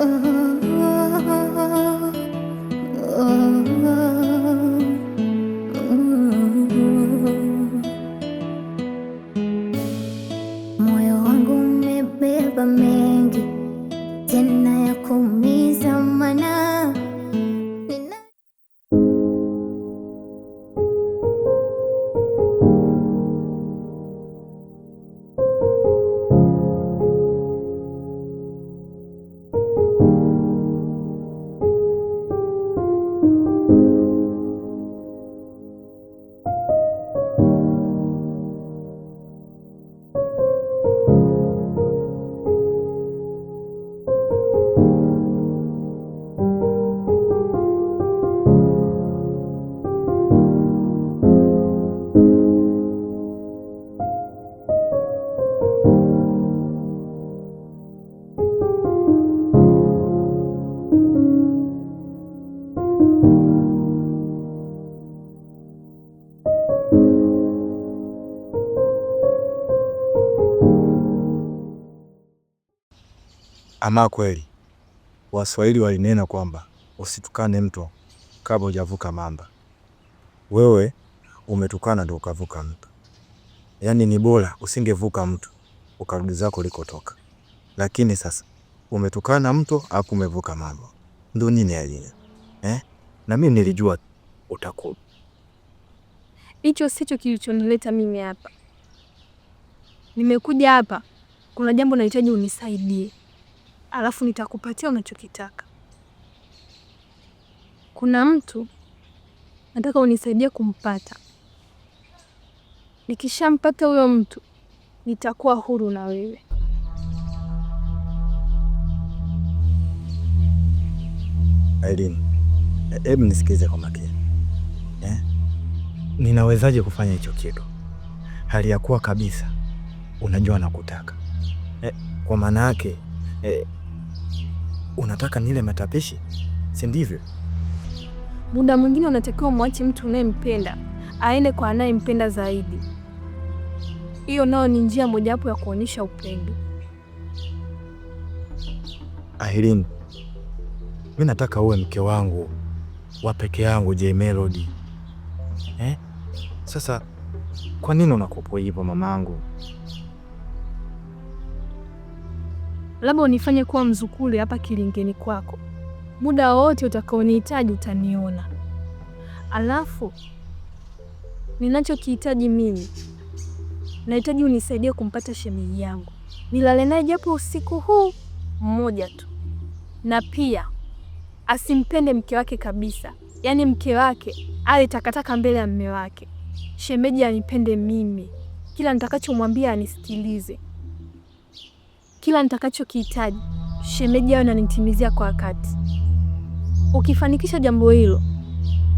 oh. Ama kweli Waswahili walinena kwamba usitukane mto kabla hujavuka mamba. Wewe umetukana ndo ukavuka mto, yaani ni bora usingevuka mto ukarudi zako ulikotoka, lakini sasa umetukana mto au umevuka mamba, ndio nini yalini eh? Na mimi nilijua utakuwa hicho. Sicho kilichonileta mimi hapa. Nimekuja hapa, kuna jambo nahitaji unisaidie alafu nitakupatia unachokitaka. Kuna mtu nataka unisaidia kumpata. Nikishampata huyo mtu nitakuwa huru na wewe. Aileen, hebu nisikilize kwa makini eh? Ninawezaje kufanya hicho kitu hali ya kuwa kabisa unajua nakutaka eh? Kwa maana yake eh, unataka nile matapishi, si ndivyo? Muda mwingine unatakiwa mwache mtu unayempenda aende kwa anayempenda zaidi. Hiyo nayo ni njia mojawapo ya kuonyesha upendo. Aileen, mi nataka uwe mke wangu wa peke yangu, J Melody eh? Sasa kwa nini unakopo hivyo mamangu? labda unifanye kuwa mzukule hapa kilingeni kwako. Muda wowote utakaonihitaji utaniona. Alafu ninachokihitaji mimi, nahitaji unisaidie kumpata shemeji yangu, nilale naye japo usiku huu mmoja tu, na pia asimpende mke wake kabisa, yaani mke wake awe takataka mbele ya mme wake. Shemeji anipende mimi, kila nitakachomwambia anisikilize kila nitakachokihitaji shemeji yao nanitimizia kwa wakati. Ukifanikisha jambo hilo,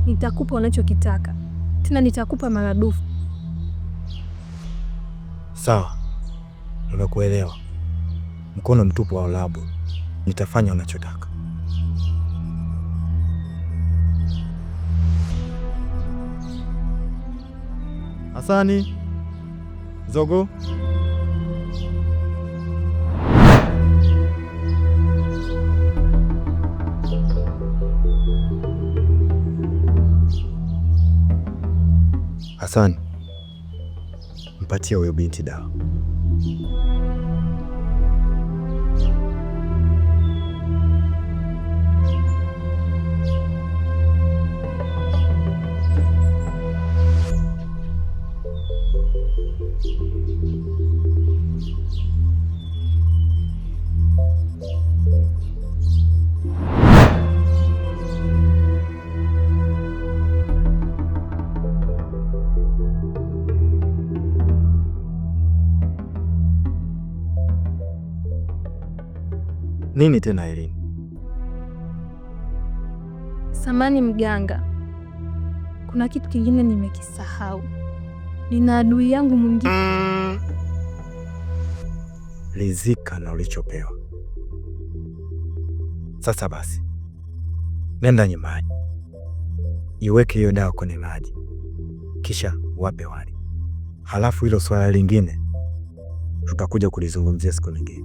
nitakupa unachokitaka, tena nitakupa maradufu. Sawa, unakuelewa. Mkono mtupu wa ulabu, nitafanya unachotaka. Hasani Zogo. Hassan, mpatia huyo binti dawa. Nini tena Irene? Samani mganga, kuna kitu kingine nimekisahau. Nina adui yangu mwingine. lizika na ulichopewa. Sasa basi, nenda nyumbani, iweke hiyo dawa kwenye maji, kisha wape wali. Halafu hilo swala lingine tutakuja kulizungumzia siku nyingine.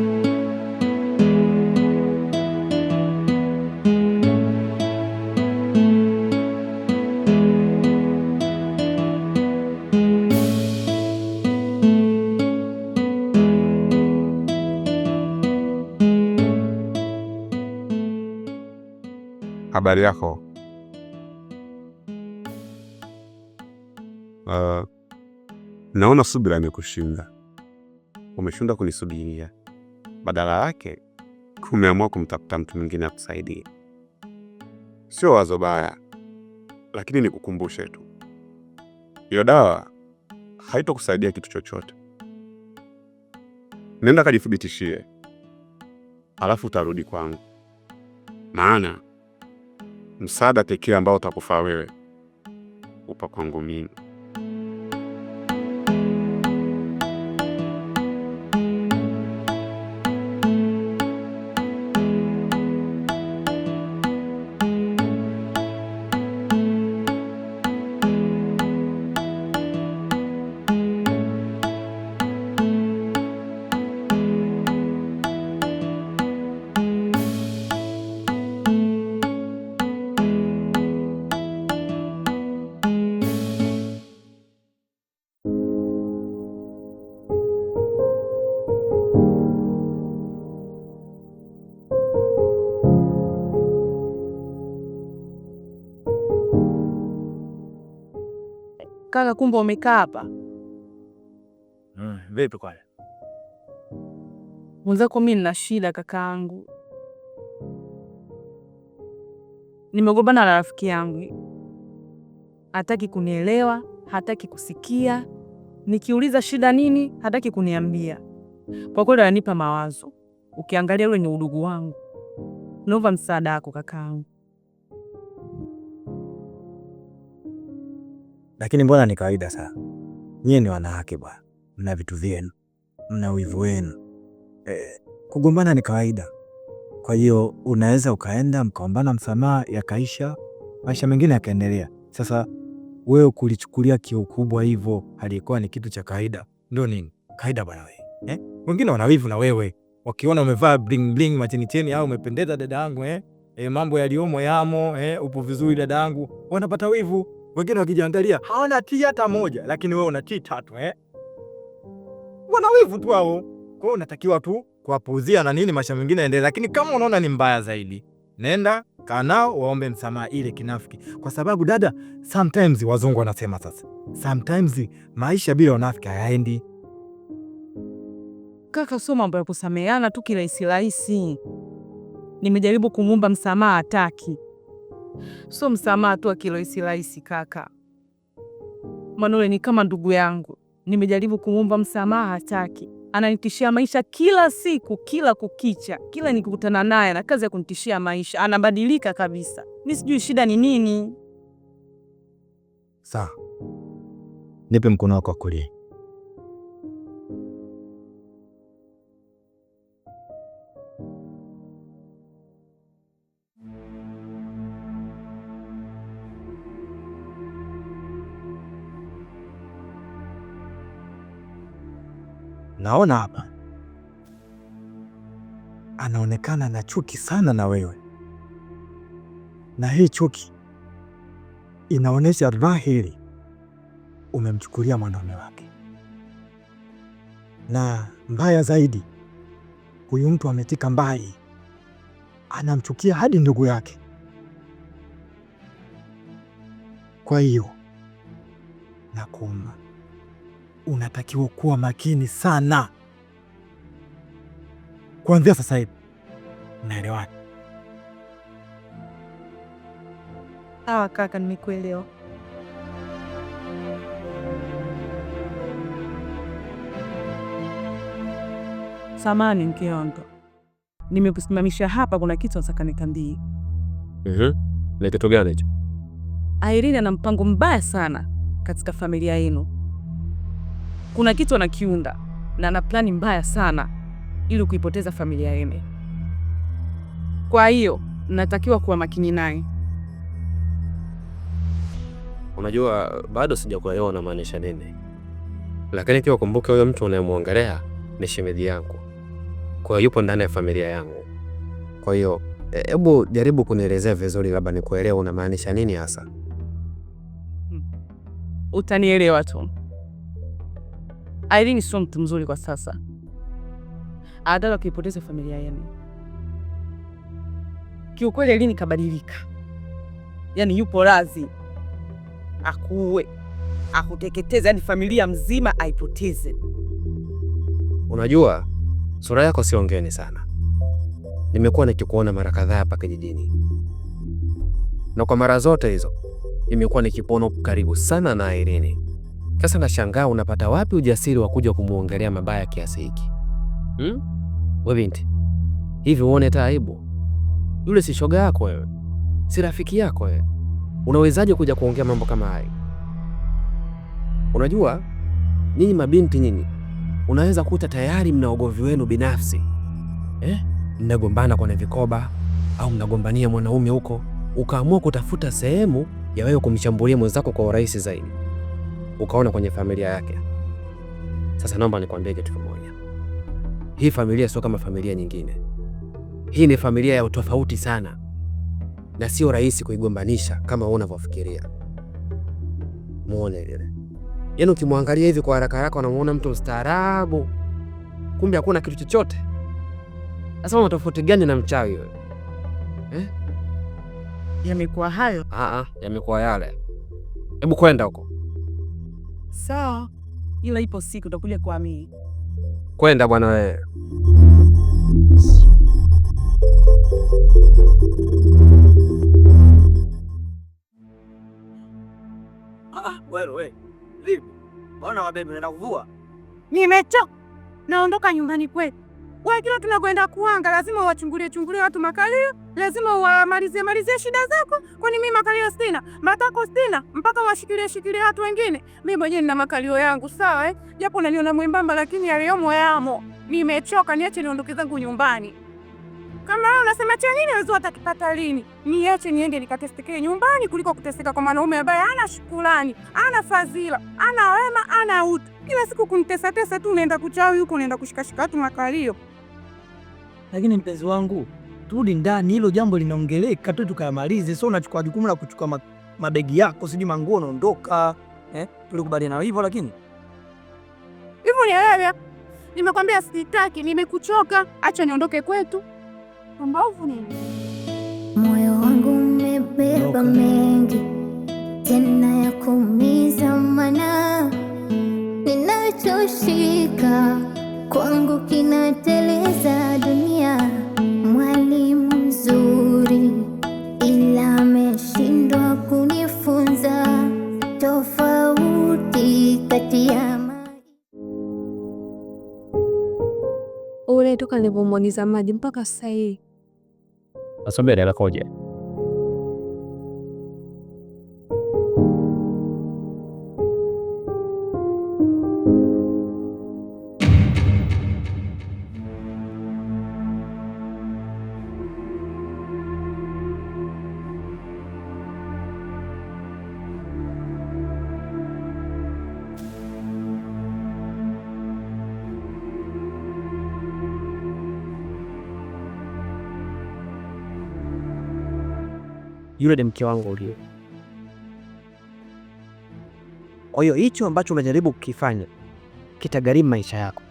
habari yako? Uh, naona subira imekushinda, umeshindwa kunisubiria, badala yake umeamua kumtafuta mtu mwingine akusaidia. Sio wazo baya, lakini nikukumbushe tu, hiyo dawa haitokusaidia kitu chochote. Nenda kajithibitishie, alafu utarudi kwangu, maana msaada pekee ambao utakufaa wewe upa kwangu mimi. Kaka, kumbe umekaa hapa. Mm, vipi kwani? Mwenzako mimi nina shida kakaangu. Nimegombana na rafiki yangu, hataki kunielewa, hataki kusikia. Nikiuliza shida nini, hataki kuniambia. Kwa kweli ananipa mawazo. Ukiangalia ule ni udugu wangu. Naomba msaada wako kakaangu. Lakini mbona ni kawaida sana, nyie ni wanawake bwana, mna vitu vyenu, mna wivu wenu e, kugombana ni kawaida. Kwa hiyo unaweza ukaenda mkaombana msamaha, yakaisha, maisha mengine yakaendelea. Sasa wewe kulichukulia kiukubwa hivyo, halikuwa ni kitu cha kawaida, ndio nini kawaida bwana wewe eh? Wengine wana wivu na wewe, wakiona umevaa bling bling macheni cheni, au umependeza dada yangu eh? E, mambo yaliomo yamo eh, upo vizuri dada yangu, wanapata wivu. Wengine wakijiangalia hawana tii hata hmm. moja, lakini wewe una tii tatu eh? Wana wivu tu hao. Kwa hiyo unatakiwa tu kuwapuuzia na nini, maisha mengine yaendelee, lakini kama unaona ni mbaya zaidi, nenda kaa nao waombe msamaha, ile kinafiki. Kwa sababu dada, sometimes wazungu wanasema sasa, sometimes maisha bila unafiki hayaendi. Kaka, sio mambo ya kusameheana tu kirahisi rahisi. Nimejaribu kumwomba msamaha, hataki so msamaha tu akirahisi rahisi. Kaka Manole ni kama ndugu yangu, nimejaribu kumwomba msamaha, hataki. Ananitishia maisha kila siku, kila kukicha, kila nikikutana naye na kazi ya kunitishia maisha. Anabadilika kabisa, mi sijui shida ni nini. Sawa, nipe mkono wako wa kulia. naona hapa anaonekana na chuki sana na wewe, na hii chuki inaonyesha dhahiri umemchukulia mwanaume wake, na mbaya zaidi, huyu mtu ametika mbali, anamchukia hadi ndugu yake. Kwa hiyo nakuomba unatakiwa kuwa makini sana. Kuanzia sasa hivi Naelewa. Sawa kaka, nimekuelewa. Samani mke wangu, nimekusimamisha hapa, kuna kitu nataka nikambie. -hmm. Na kitu gani hicho? Irene ana mpango mbaya sana katika familia yenu kuna kitu anakiunda na ana plani mbaya sana ili kuipoteza familia yenu. Kwa hiyo natakiwa kuwa makini naye. Unajua, bado sijakuelewa unamaanisha nini, lakini pia ukumbuke huyo mtu unayemwongelea ni shemeji yangu, kwa hiyo yupo ndani ya familia yangu. Kwa hiyo hebu e, jaribu kunielezea vizuri, labda nikuelewa unamaanisha nini hasa. Hmm, utanielewa tu. Irene sio mtu mzuri kwa sasa. Adala kuipoteza familia yenu. Kiukweli Irene kabadilika, yaani yupo razi akuue akuteketeze, yani familia mzima aipoteze. Unajua sura yako sio ngeni sana, nimekuwa nikikuona mara kadhaa hapa kijijini, na kwa mara zote hizo nimekuwa nikipona karibu sana na Irene. Sasa nashangaa unapata wapi ujasiri wa kuja kumwongelea mabaya kiasi hiki hmm? We binti, hivi uone taaibu? Yule si shoga yako wewe, si rafiki yako wewe, unawezaje kuja kuongea mambo kama hayo? Unajua nyinyi mabinti nyinyi unaweza kuta tayari mna ugomvi wenu binafsi eh? Mnagombana kwenye vikoba au mnagombania mwanaume huko, ukaamua kutafuta sehemu ya wewe kumshambulia mwenzako kwa urahisi zaidi ukaona kwenye familia yake. Sasa naomba nikwambie kitu kimoja, hii familia sio kama familia nyingine. Hii ni familia ya utofauti sana, na sio rahisi kuigombanisha kama unavyofikiria. Muone lile, yaani ukimwangalia hivi kwa haraka haraka unamuona mtu mstaarabu, kumbe hakuna kitu chochote. Sasa una tofauti gani na mchawi wewe eh? Yamekuwa hayo, ah, ah, yamekuwa yale. Hebu kwenda huko. Sawa, ila ipo siku utakuja kuamini. Kwenda bwana wewe. Ah, ah, Mbona wabebe, naenda kuvua? Nimechoka, naondoka nyumbani kwetu. Kwa kila tunakwenda kuanga lazima uwachungulie chungulie watu makalio, lazima uwamalizie malizie shida zako. Kwani mimi makalio sina, matako sina, mpaka washikilie shikilie watu wengine? Mimi mwenyewe nina makalio yangu sawa, eh? Japo unaniona mwembamba, lakini yaliyomo yamo. Nimechoka, niache niondoke zangu nyumbani. Kama wewe unasema cha nini wewe utakipata lini? Niache niende nikateseke nyumbani kuliko kuteseka kwa mwanaume ambaye hana shukrani, ana fadhila, ana wema, ana utu. Kila siku kunitesa tesa tu, unaenda kuchawi huko, unaenda kushikashika tu makalio lakini mpenzi wangu, turudi ndani, hilo jambo linaongeleka tu tukayamalize. So unachukua jukumu la kuchukua ma, mabegi yako sijui manguo naondoka eh? Tulikubaliana hivyo, lakini hivyo ni haya. Nimekwambia sitaki, nimekuchoka, acha niondoke kwetu. Pumbavu nini? Moyo wangu umebeba mengi tena ya kuumiza, mana ninachoshika kwangu kina alivyomwagiza maji mpaka sasa hii. Nasombe anakoje? yule ni mke wangu ulio. Kwa hiyo hicho ambacho unajaribu kukifanya kitagharimu maisha yako.